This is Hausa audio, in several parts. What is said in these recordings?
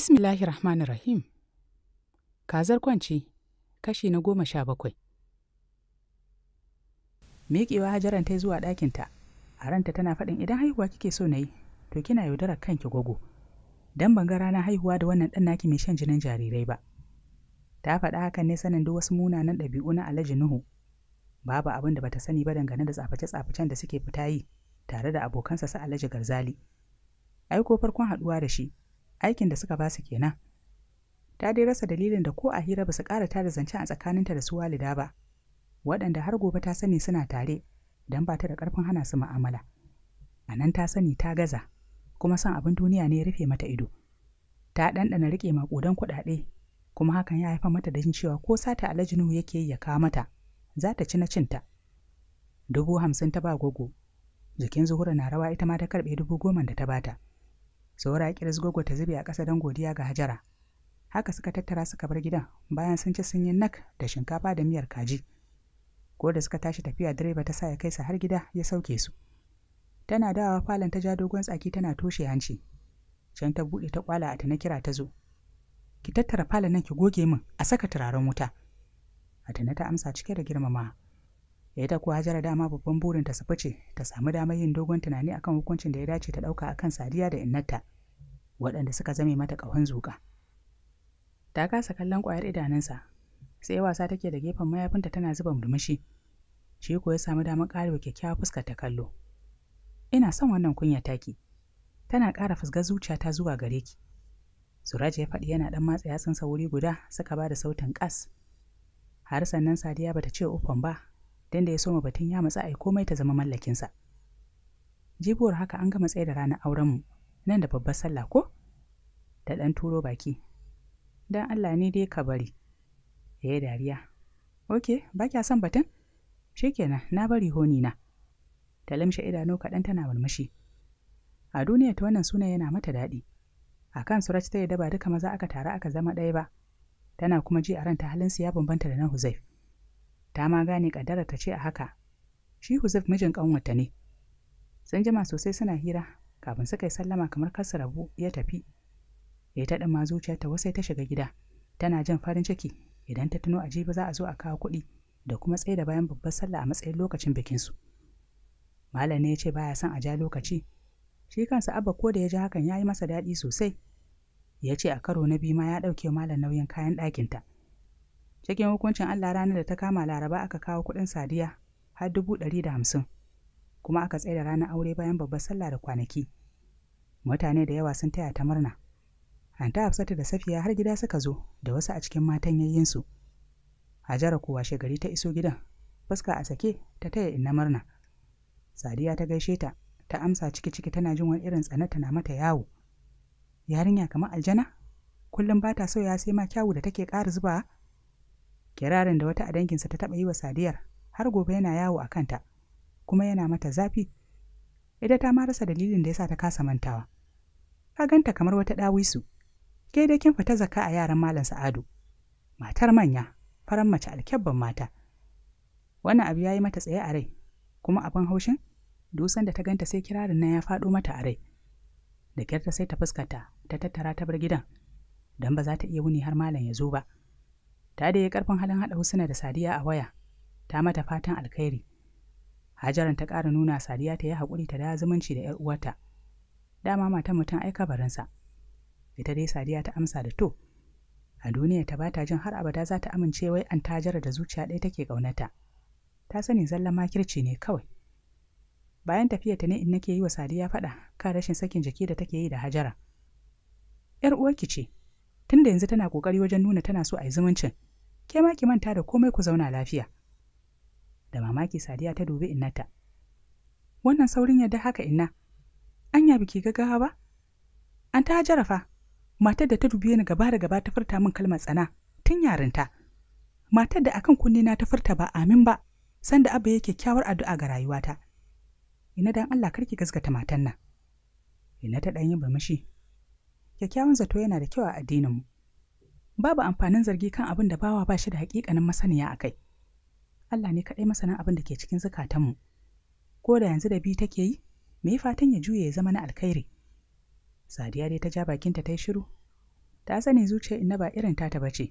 Bismillahi Rahmanir Rahim. Kazar kwanci, kashi na goma sha bakwai. mekewa hajaran ta zuwa ɗakinta, a ranta tana faɗin idan haihuwa kike so na yi, to kina yaudarar kanki gwago. Don ban ga ranar haihuwa da wannan ɗan naki mai shan jinin jarirai ba. Ta faɗa hakan ne sanin duk wasu munanan ɗabi'u na Alhaji Nuhu. Babu abin da bata sani ba dangane da tsaface-tsafacen da suke fita yi tare da abokansa su Alhaji Garzali. Ai ko farkon haɗuwa da shi, aikin da suka basu kenan ta dai rasa dalilin da ko a hira ba su ƙara ta da zance a tsakaninta da su walida ba waɗanda har gobe ta sani suna tare don ba ta da ƙarfin hana su ma'amala a nan ta sani ta gaza kuma son abin duniya ne ya rufe mata ido ta ɗanɗana riƙe maƙudan kuɗaɗe kuma hakan ya haifa mata da jin cewa ko sata alhaji nuhu yake yi ya kawo mata za ta ci na cinta dubu hamsin ta ba gogo jikin zuhura na rawa ita ma ta karɓe dubu goma da ta bata saura ya kiris ta zube a ƙasa don godiya ga hajara haka suka tattara suka bar gidan bayan sun ci sun yi nak da shinkafa da miyar kaji ko da suka tashi tafiya direba ta sa ya kai su har gida ya sauke su tana dawa falon ta ja dogon tsaki tana toshe hanci can ta buɗe ta kwala a ta kira ta zo ki tattara falon nan ki goge min a saka turaren wuta A tana ta amsa cike da girmama Ya ta kuwa hajara dama babban burinta su fice ta samu damar yin dogon tunani akan hukuncin da ya dace ta ɗauka akan sadiya da innata waɗanda suka zame mata ƙahon zuƙa ta kasa kallon ƙwayar idanunsa sai wasa take da gefen mayafinta tana zuba murmushi shi ko ya samu damar ƙarewa kyakkyawa fuskar ta kallo ina son wannan kunya taki tana ƙara fusgar zuciyata zuwa gare ki suraj ya faɗi yana ɗan matsa yatsunsa wuri guda suka ba da sautin ƙas har sannan sadiya bata ce ufan ba don da ya soma batun ya matsa ai komai ta zama mallakinsa. Jibuwar haka an gama tsaye da ranar aurenmu, nan da babbar sallah ko? Da ɗan turo baki. Don Allah ne dai ka bari. Ya dariya. Ok, ba kya son batun? Shikenan, na bari honi na. Ta lamshe idanu kaɗan tana walmashi. A duniya ta wannan suna yana mata daɗi. A kan Suraj ta yadda ba duka maza aka tare aka zama ɗaya ba. Tana kuma ji a ranta halin ya bambanta da na Huzaif. ta ma gane kaddara ta ce a haka shi Huzuf mijin kanwata ne sun jima sosai suna hira kafin suka yi sallama kamar kasa rabu ya tafi Ya taɗa ma zuciyarta wasai ta shiga gida tana jan farin ciki idan ta tuno a jiba za a zo a kawo kuɗi da kuma tsaye da bayan babbar sallah a matsayin lokacin bikinsu malam ne ya ce baya son a ja lokaci shi kansa abba ko da ya ji hakan ya yi masa daɗi sosai ya ce a karo na biyu ma ya ɗauke malam nauyin kayan ɗakinta ta cikin hukuncin Allah ranar da ta kama Laraba aka kawo kuɗin sadiya har dubu ɗari da hamsin kuma aka tsaye da ranar aure bayan babbar sallah da kwanaki mutane da yawa sun taya ta murna Anta Hafsatu da Safiya har gida suka zo da wasu a cikin matan yayyinsu Hajara kuwa shegari ta iso gidan fuska a sake ta taya inna murna Sadiya ta gaishe ta ta amsa ciki ciki tana jin wani irin tsanata na mata yawo yarinya kamar aljana kullum ba ta so sai ma kyawu da take ƙara zuba kirarin da wata a danginsa ta taɓa yi wa sadiyar har gobe yana yawo a kanta kuma yana mata zafi ita ta ma rasa dalilin da ya sa ta kasa mantawa ka ganta kamar wata ɗawisu ke da kin fita zaka a yaran malam sa'adu matar manya faran mace alkyabban mata wannan abu ya yi mata tsaye a rai kuma abin haushin dusan da ta ganta sai kirarin nan ya faɗo mata a rai da kyar sai ta fuskata ta tattara ta bar gidan don ba za ta iya wuni har malam ya zo ba. ta da ya karfin halin haɗa husuna da sadiya a waya ta mata fatan alkhairi hajaran ta ƙara nuna sadiya ta yi haƙuri ta da zumunci da 'yar uwarta dama matan mutum aika barinsa ita dai sadiya ta amsa da to a duniya ta bata jin har abada za ta amince wai an tajara da zuciya ɗaya take ƙaunata ta sani zallan makirci ne kawai bayan tafiya ta ne in nake yi wa sadiya faɗa kan rashin sakin jiki da take yi da hajara yar uwarki ce tunda yanzu tana kokari wajen nuna tana so a yi zumuncin ke ma ki manta da komai ku zauna lafiya da mamaki sadiya ta dubi innata wannan saurin yadda haka inna anya biki gaggawa ba an ta jarafa matar da ta dubiye ni gaba da gaba ta furta min kalmar tsana tun yarinta matar da akan kunne na ta furta ba amin ba sanda abba yake kyakkyawar addu'a ga rayuwata ina dan Allah karki gaskata matan nan ina ta ɗan yi kyakkyawan zato yana da kyau a addininmu babu amfanin zargi kan abin da bawa ba shi da hakikanin masaniya a kai Allah ne kaɗai masanin abin da ke cikin zukatanmu ko da yanzu da bi take yi me fatan ya juye ya zama na alkhairi sadiya dai ta ja bakinta ta yi shiru ta sani zuciyar inna ba irin ta ba ce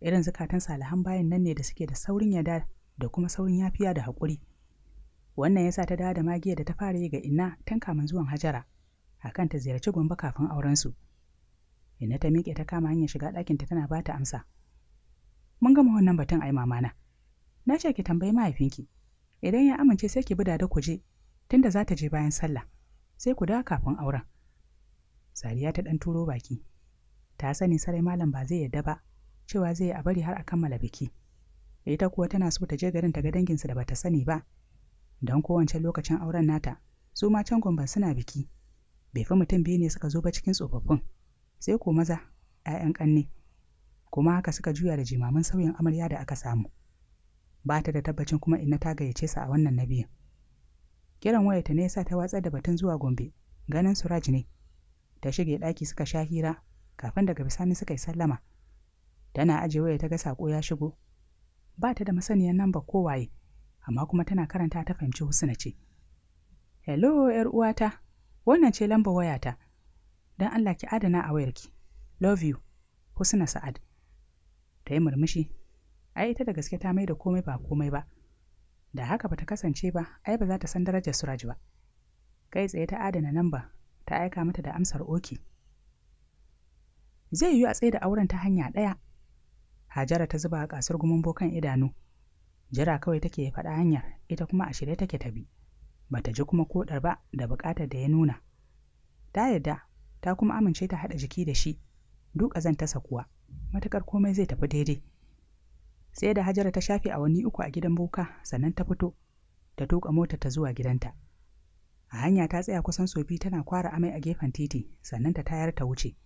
irin zukatan salihan bayan nan ne da suke da saurin yada da kuma saurin yafiya da haƙuri wannan ya sa ta dawo da magiya da ta fara yi ga inna tanka kamin zuwan hajara akan ta ziyarci gombe kafin aurensu Inna ta miƙe ta kama hanyar shiga ɗakinta tana ba ta amsa. Mun gama wannan batun ai mamana. Na ce ki tambayi mahaifinki. Idan ya amince sai ki bi da ku je, tunda za ta je bayan sallah. Sai ku dawo kafin auren. Sariya ta ɗan turo baki. Ta sani sarai malam ba zai yadda ba, cewa zai yi a bari har a kammala biki. Ita kuwa tana so ta je garin ta ga danginsu da bata sani ba. Don kowace lokacin auren nata, su ma can gomban suna biki. Bai fi mutum biyu ne suka zo ba cikin tsofaffin. sai ko maza 'ya'yan ƙanne kuma haka suka juya da jimamin sauyin amarya da aka samu ba ta da tabbacin kuma inna ta gayyace sa a wannan na kiran wayarta ne sa ta watsar da batun zuwa gombe ganin suraj ne ta shige ɗaki suka sha hira kafin daga bisani suka yi sallama tana aje waya ta ga sako ya shigo ba ta da masaniyar nan ba kowaye amma kuma tana karanta ta fahimci husna ce hello yar uwata wannan ce lambar wayata don Allah ki adana a wayarki love you husna sa'ad ta yi murmushi ai ita da gaske ta mai da komai ba komai ba da haka bata kasance ba ai ba za ta san darajar suraj ba kai tsaye ta adana namba ta aika mata da amsar oki zai yiwu a tsaye da auren ta hanya ɗaya hajara ta zuba a kasar gumin bokan idanu jira kawai take ya faɗa hanyar ita kuma a shirye take ta bi bata ji kuma koɗar ba da buƙatar da ya nuna ta yarda ta kuma amince ta haɗa jiki da shi duk tasa kuwa matuƙar komai zai tafi daidai sai da hajara ta shafe awanni uku a gidan boka sannan ta fito ta tuƙa mota ta zuwa gidanta a hanya ta tsaya kusan sofi tana kwara amai a gefen titi sannan ta tayar ta wuce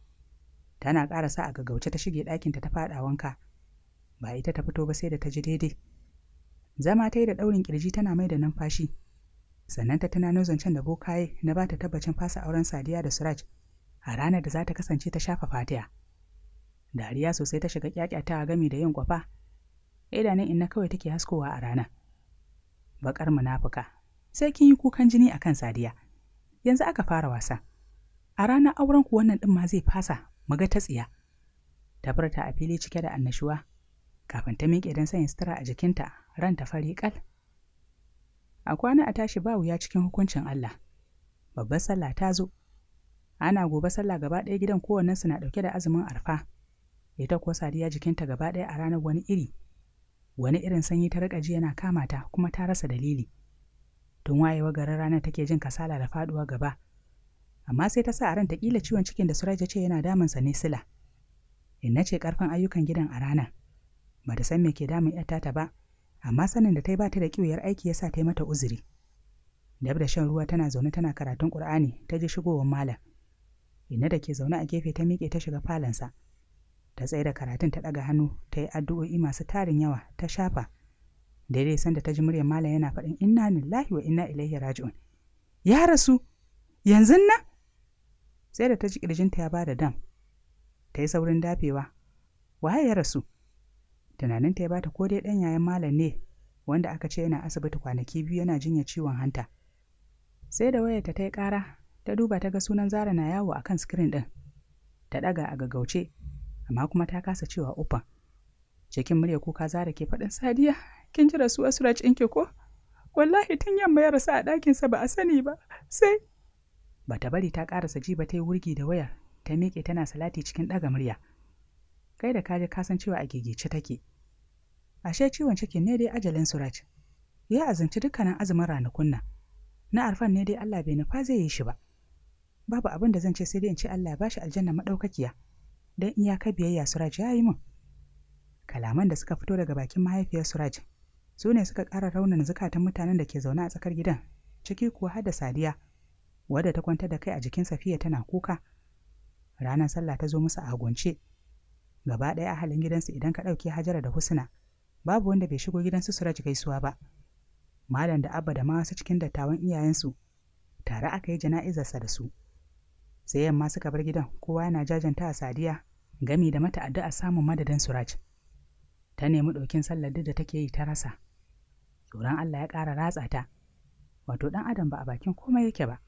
tana ƙara sa a gaggauce ta shige ɗakinta ta faɗa wanka ba ita ta fito ba sai da ta ji daidai zama ta yi da ɗaurin ƙirji tana mai da numfashi sannan ta tunanin zancen da bokaye na ba ta tabbacin fasa auren sadiya da suraj a ranar da za ta kasance ta shafa fatiya. Dariya sosai ta shiga kyakyatawa gami da yin kwafa, idanun inna kawai take haskowa a rana. Bakar munafuka, sai kin yi kukan jini akan sadiya. Yanzu aka fara wasa. A ranar auren ku wannan ɗin ma zai fasa, mu ta tsiya. Ta furta a fili cike da annashuwa, kafin ta miƙe don sanya sutura a jikinta, ta fari kal. A kwana a tashi ba wuya cikin hukuncin Allah. Babbar sallah ta zo, ana gobe sallah gaba ɗaya gidan kowannen su na ɗauke da azumin arfa ita kuwa sadiya jikinta gaba ɗaya a ranar wani iri wani irin sanyi ta riƙa ji yana kama ta kuma ta rasa dalili tun wayewa garin ranar take jin kasala da faɗuwa gaba amma sai ta sa a ranta kila ciwon cikin da Suraja ce yana damunsa ne sila inna ce karfin ayyukan gidan a ranar ba ta san me ke damun yarta ta ba amma sanin da ta yi ba ta da kiwayar aiki ya sa ta yi mata uzuri dab da shan ruwa tana zaune tana karatun ƙur'ani ta ji shigowar malam Inna da ke zaune a gefe ta miƙe ta shiga falonsa. Ta tsaye da karatun ta ɗaga hannu ta yi addu'o'i masu tarin yawa ta shafa. Daidai sanda ta ji muryar malam yana faɗin inna lillahi wa inna ilaihi raji'un. Ya rasu yanzu nan? Sai da ta ji ƙirjinta ya da dam. Ta yi saurin dafewa. Wa ya rasu? tunanin ta ya bata ko dai ɗan yayan malam ne wanda aka ce yana asibiti kwanaki biyu yana jinya ciwon hanta. Sai da wayarta ta yi ƙara ta duba ta ga sunan zara na yawo a kan sikirin ɗin ta ɗaga a gaggauce amma kuma ta kasa cewa uffan cikin murya kuka zara ke faɗin sadiya kin ji rasuwar suraj ɗinki ko wallahi tun yamma ya rasu a ɗakinsa ba a sani ba sai ba ta bari ta ƙarasa ji ba ta yi wurgi da wayar ta miƙe tana salati cikin ɗaga murya kai da kaje kasan cewa a gegece take ashe ciwon cikin ne dai ajalin suraj ya azanci dukkanin azumin ranakun nan na arfan ne dai allah bai nufa zai yi shi ba babu abin da zan ce sai dai in ce Allah ba shi aljanna madaukakiya dan iya ka biyayya Suraj ya yi min kalaman da suka fito daga bakin mahaifiyar Suraj su ne suka ƙara raunin zukatan mutanen da ke zaune a tsakar gidan ciki kuwa har da Sadiya wadda ta kwanta da kai a jikin Safiya tana kuka ranar sallah ta zo musu a gunce gaba ɗaya a halin gidansu idan ka ɗauke Hajara da Husna babu wanda bai shigo gidansu Suraj gaisuwa ba malam da abba da ma wasu cikin dattawan iyayensu tare aka yi jana'izarsa da su sai yamma suka bar gidan kowa yana jajanta a sadiya gami da mata addu'a samun madadin suraj ta nemi ɗokin sallar duk da take yi ta rasa tsoron allah ya ƙara ratsa ta wato ɗan adam ba a bakin komai yake ba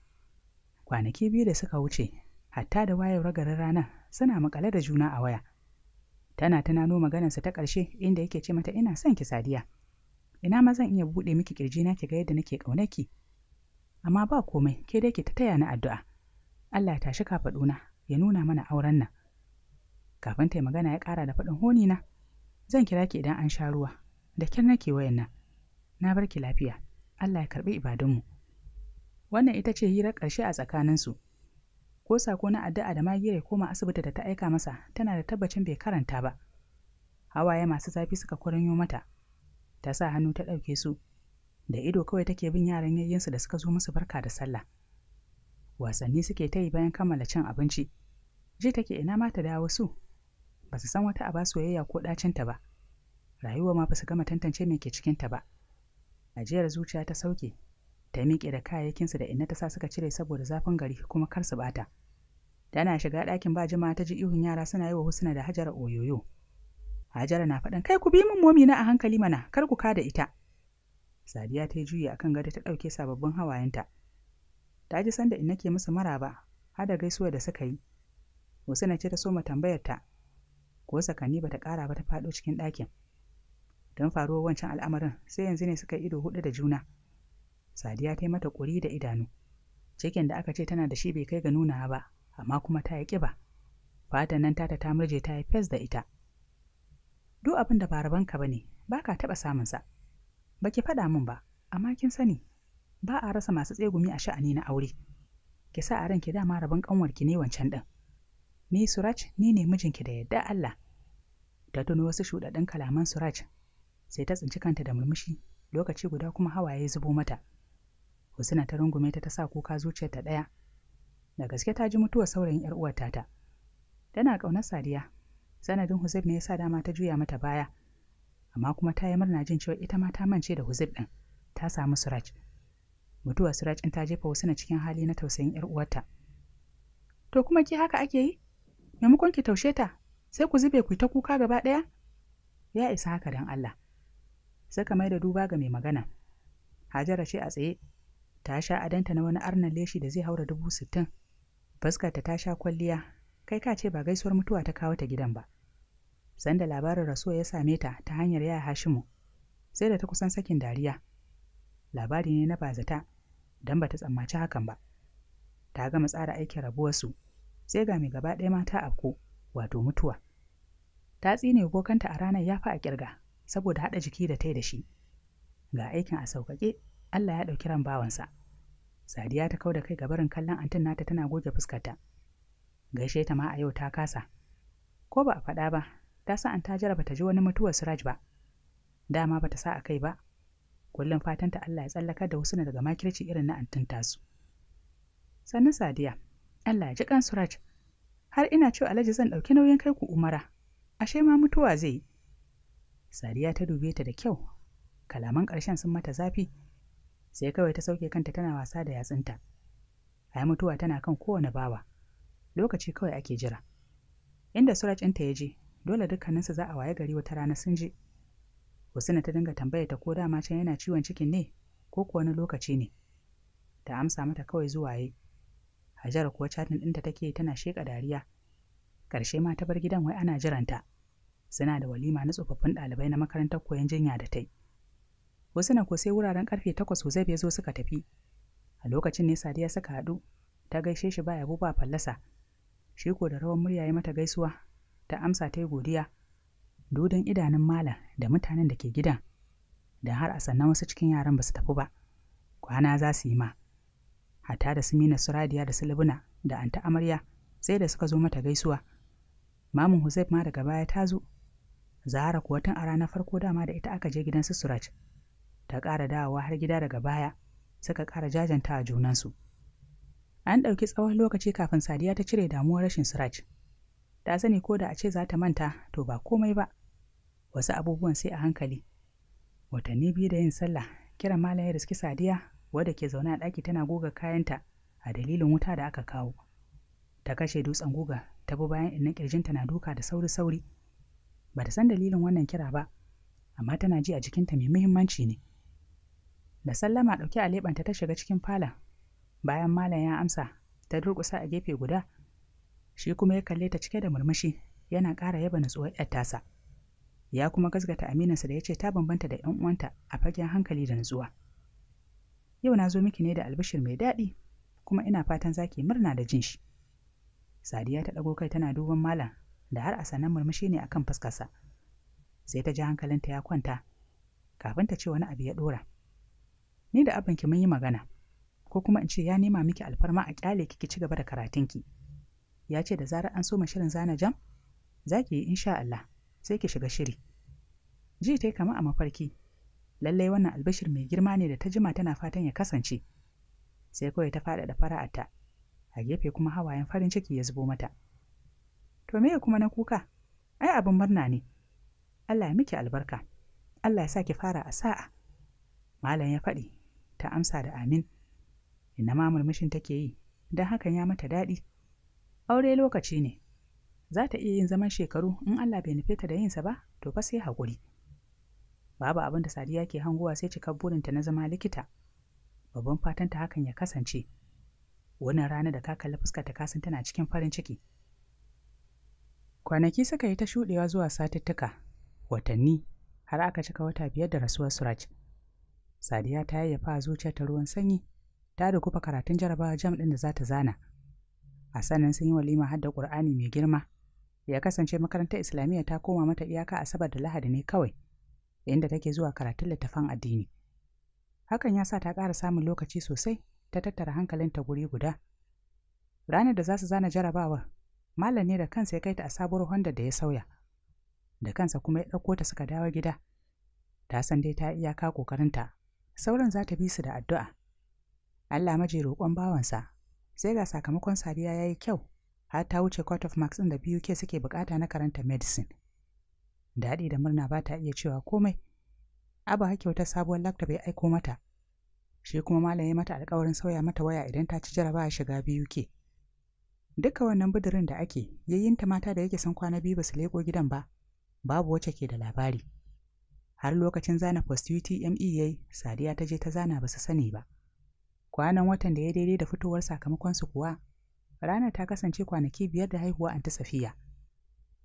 kwanaki biyu da suka wuce hatta da wayewar garin ranar suna makale da juna a waya tana tunano maganarsa ta ƙarshe inda yake ce mata ina son ki sadiya ina ma zan iya buɗe miki kirji na ki ga yadda nake ƙaunaki amma ba komai ke dai ki ta taya na addu'a Allah ta tashi kafaɗuna ya nuna mana auren nan. Kafin ta yi magana ya ƙara da faɗin honi na, zan kira ki idan an sha ruwa, da kyar nake wayan nan. Na bar ki lafiya, Allah ya karɓi ibadunmu. Wannan ita ce hirar ƙarshe a tsakaninsu. Ko sako na addu'a da magiyar ya koma asibiti da ta aika masa tana da tabbacin bai karanta ba. Hawaye masu zafi suka kwaranyo mata, ta sa hannu ta ɗauke su, da ido kawai take bin yaran yayyinsu da suka zo musu barka da sallah. wasanni suke ta yi bayan kammala cin abinci ji take ina mata ta dawo su ba su san wata aba soyayya ko ɗacinta ba rayuwa ma ba su gama tantance me ke cikin ta ba ajiyar zuciya ta sauke ta miƙe da kayayyakin su da inna ta sa suka cire saboda zafin gari kuma kar su bata tana shiga ɗakin ba jima ta ji ihun yara suna yi wa husna da hajara oyoyo hajara na faɗin kai ku bi min momi na a hankali mana kar ku kada ita sadiya ta yi juyi akan gado ta ɗauke sababbin hawayenta ta ji sanda in ke musu maraba har da gaisuwa da suka yi na ce ta soma tambayar ta ko sakani bata ƙara ba ta faɗo cikin ɗakin don faruwar wancan al'amarin sai yanzu ne suka yi ido hudu da juna sadiya ta yi mata ƙuri da idanu cikin da aka ce tana da shi bai kai ga nuna ba amma kuma ta yi ƙiba fatan nan tata ta murje ta yi fes da ita duk abin da ba rabanka ba ne ba ka taɓa samunsa ba ki faɗa min ba amma kin sani ba a rasa masu tsegumi a sha'ani na aure ki sa a ranki dama rabon kanwarki ne wancan din ni suraj ni ne mijinki da yadda Allah ta tuno wasu shuɗaɗɗen kalaman suraj sai ta tsinci kanta da murmushi lokaci guda kuma hawaye zubo mata husina ta rungume ta ta sa kuka ta ɗaya da gaske ta ji mutuwar saurayin yar uwar tata tana ƙaunar sadiya sanadin huzib ne ya sa dama ta juya mata baya amma kuma ta yi murna jin cewa ita ma ta mance da huzib ɗin ta samu suraj Mutuwa Siraj ta jefa wasu na cikin hali na tausayin ‘yar uwarta. To kuma ki haka ake yi? Maimakon ki taushe ta, sai ku zube ku ta kuka gaba ɗaya? Ya isa haka don Allah. Saka mai da duba ga mai magana. Hajara ce a tsaye, ta sha adanta na wani arnan leshi da zai haura dubu sittin. Fuskarta ta sha kwalliya, kai ka ce ba gaisuwar mutuwa ta kawo ta gidan ba. Sanda labarin rasuwa ya same ta ta hanyar yaya Hashimu, sai da ta kusan sakin dariya. Labari ne na bazata, don ba ta tsammaci hakan ba ta gama tsara aikin rabuwarsu sai ga mai gaba ɗaya mata afko wato mutuwa ta tsine kanta a ranar ya fi a kirga saboda haɗa jiki da ta da shi ga aikin a sauƙaƙe Allah ya ɗauki ran bawansa Sadiya ta kau da kai gabarin kallon antin nata tana goge fuskarta gaishe ta ma a yau ta kasa ko ba a faɗa ba ta sa an ta jarraba ta ji wani mutuwar Siraj ba dama ba ta sa a kai ba kullum fatan ta Allah ya tsallaka da wasu daga makirci irin na antin tasu sannan sadiya Allah ya ji kan suraj har ina cewa alhaji zan ɗauki nauyin kai ku umara ashe ma mutuwa zai sadiya ta dube ta da kyau kalaman ƙarshen sun mata zafi sai kawai ta sauke kanta tana wasa da yatsunta ai mutuwa tana kan kowane bawa lokaci kawai ake jira inda suraj ɗinta ya je dole dukkaninsu za a waye gari wata rana sun je Wasuna ta dinga tambaya ta ko dama can yana ciwon cikin ne ko kuwa wani lokaci ne. Ta amsa mata kawai zuwa yi. Hajar kuwa chatin ɗinta take tana sheƙa dariya. Ƙarshe ma ta bar gidan wai ana jiranta. Suna da walima na tsofaffin ɗalibai na makarantar koyon jinya da ta yi. ko sai wuraren ƙarfe takwas Huzaib ya zo suka tafi. A lokacin ne Sadiya suka haɗu ta gaishe shi ba yabo ba fallasa. Shi ko da rawar murya ya mata gaisuwa ta amsa ta yi godiya. dodon idanun malam da mutanen da ke gidan da har a sannan wasu cikin yaran ba su tafi ba kwana za su yi ma hata da su mina su da silbuna da anta amarya sai da suka zo mata gaisuwa mamun husaif ma daga baya ta zo zahara kuwa tun a ranar farko dama da ita aka je gidan su suraj ta ƙara dawowa har gida daga baya suka ƙara jajanta a junansu an ɗauki tsawon lokaci kafin sadiya ta cire damuwar rashin suraj ta sani ko da a ce za ta manta to ba komai ba wasu abubuwan sai a hankali watanni biyu da yin sallah kiran malam da riski sadiya wadda ke zaune a ɗaki tana goga kayanta a dalilin wuta da aka kawo ta kashe dutsen guga ta bi bayan inna kirjinta na duka da sauri sauri ba ta san dalilin wannan kira ba amma tana ji a jikinta mai muhimmanci ne da sallama ɗauke a leɓanta ta shiga cikin fala bayan malam ya amsa ta durƙusa a gefe guda shi kuma ya kalle ta cike da murmushi yana ƙara yaba natsuwar 'yar tasa ya kuma gasgata aminansa da ya ce ta bambanta da 'yan uwanta a fagen hankali da nutsuwa. Yau na zo miki ne da albishir mai daɗi, kuma ina fatan za ki murna da jin shi. Sadiya ta ɗago kai tana duban malam da har a sanan murmushi ne akan fuskarsa. Sai ta ji hankalinta ya kwanta, kafin ta ce wani abu ya ɗora. Ni da abinki mun yi magana, ko kuma in ce ya nema miki alfarma a ƙyale ki ci gaba da karatunki. Ya ce da zarar an so shirin zana jam, za ki yi insha Allah. sai ki shiga shiri ji ta yi kama a mafarki lallai wannan albashir mai girma ne da ta jima tana fatan ya kasance sai kawai ta faɗaɗa fara'arta a gefe kuma hawayen farin ciki ya zubo mata to me kuma na kuka ai abin murna ne Allah ya miki albarka Allah ya sa ki fara a sa'a malam ya faɗi ta amsa da amin ina ma murmushin take yi don hakan ya mata daɗi aure lokaci ne za ta iya yin zaman shekaru in Allah bai nufe ta da yinsa ba to fa sai haƙuri babu abin da Sadiya ke hangowa sai cikar burinta na zama likita babban fatanta hakan ya kasance wannan rana da ka kalli fuskar ta kasan tana cikin farin ciki kwanaki suka yi ta shuɗewa zuwa satuttuka watanni har aka cika wata biyar da rasuwar Suraj Sadiya ta yayyafa zuciyar ta ruwan sanyi ta da kufa karatun jarabawa jam ɗin da za ta zana a sanin sun yi walima hadda ƙur'ani mai girma ya kasance makarantar islamiyya ta koma mata iyaka asabar da lahadi ne kawai inda take zuwa karatun littafan addini hakan ya sa ta ƙara samun lokaci sosai ta tattara hankalinta guri guda ranar da za su zana jarabawar malam ne da kansa ya kai ta a sabuwar honda da ya sauya da kansa kuma ya ɗauko ta suka dawo gida ta san dai ta iyaka ƙoƙarinta sauran za ta bi su da addu'a Allah maje roƙon bawansa sai ga sakamakon Sadiya ya yi kyau har ta wuce Court of marks ɗin da BUK suke bukata na karanta medicine. Daɗi da murna ba ta iya cewa komai. Abu ha wata sabuwar laptop ya aiko mata. Shi kuma malam ya mata alƙawarin sauya mata waya idan ta ci jarabawa shiga BUK. Duka wannan bidirin da ake, yayyinta mata da yake son kwana biyu ba su leko gidan ba, babu wacce ke da labari. Har lokacin zana post UTME yi, Sadiya ta je ta zana ba su sani ba. Kwanan watan da ya daidai da fitowar sakamakon su kuwa, Ranar ta kasance kwanaki biyar da haihuwa Anta Safiya.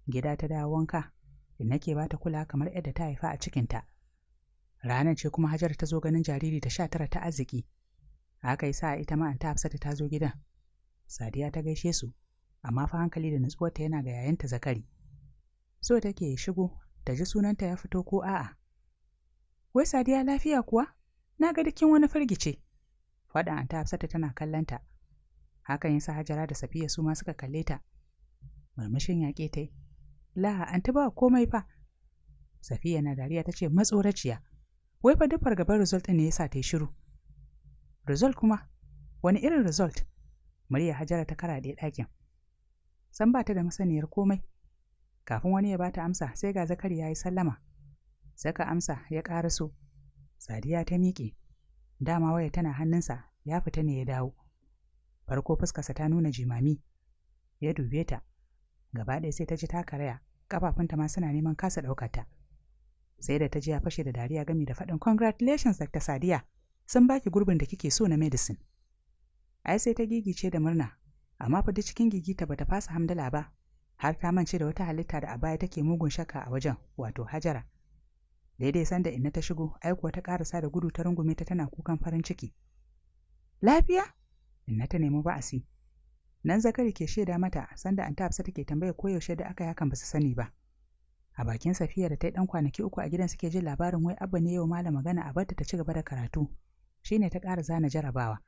Gida ta dawo wanka, da nake ba ta kula kamar yadda ta haifa a cikinta. Ranar ce kuma Hajar ta zo ganin jariri da sha tara ta arziki. Haka yi sa ita ma Anta Hafsatu ta zo gidan. Sadiya ta gaishe su, amma fa hankali da nutsuwarta yana ga yayanta Zakari. So take shigo, ta ji sunanta ya fito ko a'a. Wai Sadiya lafiya kuwa? Na ga dukkin wani firgice. Faɗin Anta ta tana kallanta. hakan yasa hajara da safiya su ma suka kalle ta murmushin yaƙe ta yi. la ta ba komai fa safiya na dariya ta ce matsoraciya wai fa duk fargabar result ne yasa ta yi shiru result kuma wani irin result murya hajara ta kara ɗaya ɗakin san ba ta da masaniyar komai kafin wani ya bata amsa sai ga zakari ya yi sallama saka amsa ya ƙara so. sadiya ta miƙe dama waya tana hannunsa ya fita ne ya dawo farko fuskarsa ta nuna jimami ya dube ta gaba ɗaya sai ta ji ta karaya ƙafafunta ma suna neman kasa ɗaukar ta sai da ta ji ya fashe da dariya gami da faɗin congratulations dr sadiya sun baki gurbin da kike so na medicine ai sai ta gigice da murna amma fa duk cikin gigita bata fasa hamdala ba har ta mance da wata halitta da a baya take mugun shakka a wajen wato hajara daidai sanda inna ta shigo ai kuwa ta karasa da gudu ta rungume ta tana kukan farin ciki lafiya Inna ta nemi ba'asi. Nan zakari ke shaida mata sanda Anta Hafsa take tambaya koyaushe da aka yi hakan ba su sani ba. A bakin Safiya da ta yi dan kwanaki uku a gidan suke jin labarin wai Abba ne yau malam magana a barta ta ci gaba da karatu. shine ta ƙara zana jarabawa.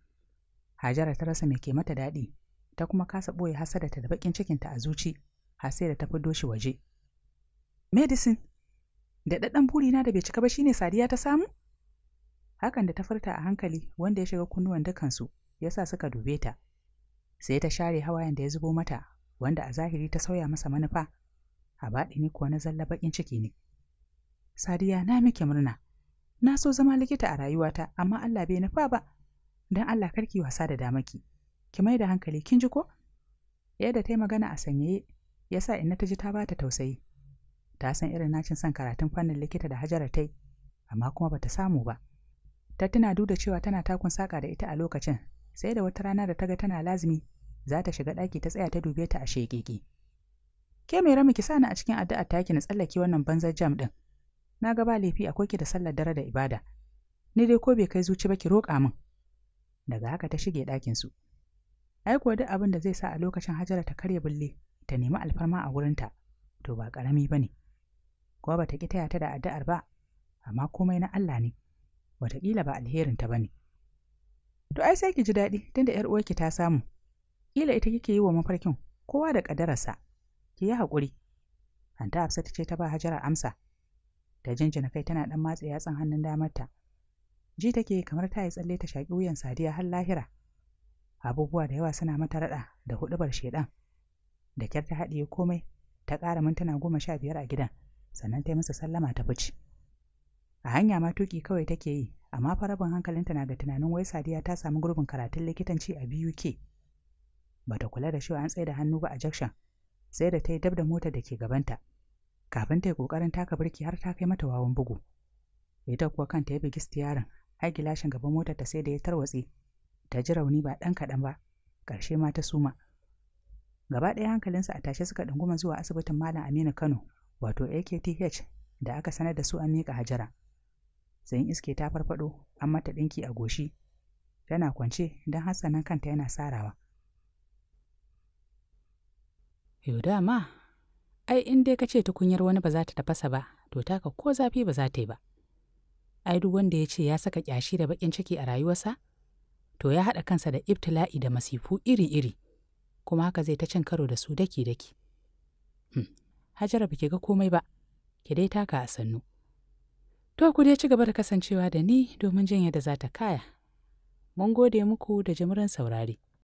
Hajara ta rasa mai ke mata daɗi, ta kuma kasa ɓoye ta da baƙin cikinta a zuci, har sai da ta fiddo shi waje. Medicine, da ɗaɗɗan burina da bai cika ba shine Sadiya ta samu? Hakan da ta furta a hankali wanda ya shiga kunnuwan dukansu. ya sa suka dube ta sai ta share hawayen da ya zubo mata wanda a zahiri ta sauya masa manufa a ne kuwa na zalla baƙin ciki ne sadiya na miki murna na so zama likita a rayuwata amma allah bai nufa ba don allah karki wasa da damaki ki mai da hankali kin ji ko yadda ta yi magana a sanyaye ya sa inna ta ji ta bata tausayi ta san irin nacin son karatun fannin likita da hajara ta amma kuma bata samu ba ta tuna duk cewa tana takun saka da ita a lokacin sai da wata rana da ta ga tana lazumi za ta shiga ɗaki ta tsaya ta dube ta a sheƙeƙe ke mai rami ki sani a cikin addu'a takina na tsallake wannan banzar jam ɗin na ga ba laifi akwai ki da sallar dare da ibada ni dai ko bai kai zuci ba ki roƙa min daga haka ta shige ɗakin su ai kuwa duk abin da zai sa a lokacin hajara ta karya bulle ta nemi alfarma a wurinta to ba ƙarami ba ne kuwa ba ta ƙi taya ta da addu'ar ba amma komai na Allah ne wataƙila ba alherin ta ba ne To ai sai ki ji daɗi tunda ‘yar uwarki ta samu. Kila ita kike yi wa mafarkin kowa da ƙadararsa. Ki yi haƙuri. Anta Hafsat ce ta ba Hajara amsa. Da jinjina kai tana ɗan matse yatsan hannun damarta. Ji take kamar ta yi tsalle ta shaƙi wuyan Sadiya har lahira. Abubuwa da yawa suna mata raɗa da huɗubar shedan. Da kyar ta haɗiye komai ta ƙara mintuna goma sha biyar a gidan sannan ta yi masa sallama ta fice. A hanya ma tuƙi kawai take yi amma farabin hankalinta na ga tunanin wai sadiya ta samu gurbin karatun likitanci a buk bata kula da cewa an tsaye da hannu ba a jakshan sai da ta yi dab da motar da ke gabanta kafin ta yi ƙoƙarin taka birki har ta kai mata wawan bugu ita kuwa kanta ya bugi yaron, har gilashin gaban motar ta sai da ya tarwatse ta ji rauni ba ɗan kaɗan ba ƙarshe ma ta suma gaba ɗaya hankalinsa a tashe suka ɗunguma zuwa asibitin malam aminu kano wato akth da aka sanar da su an miƙa hajara sayin iske ta farfado an mata ɗinki a goshi tana kwance don hatsanin kanta yana sarawa yau ma, ai in dai ka ce tukunyar wani ba za ta tafasa ba to taka ko zafi ba za ta yi ba ai duk wanda ya ce ya saka kyashi da bakin ciki a rayuwarsa to ya haɗa kansa da ibtila'i da masifu iri-iri kuma haka zai ta cin karo da su daki-daki. Hmm, Hajara ba ki ga komai ba, ki dai taka a sannu. To ku dai ci gaba da kasancewa da ni domin jin da za ta kaya. Mun gode muku da jimirin saurari.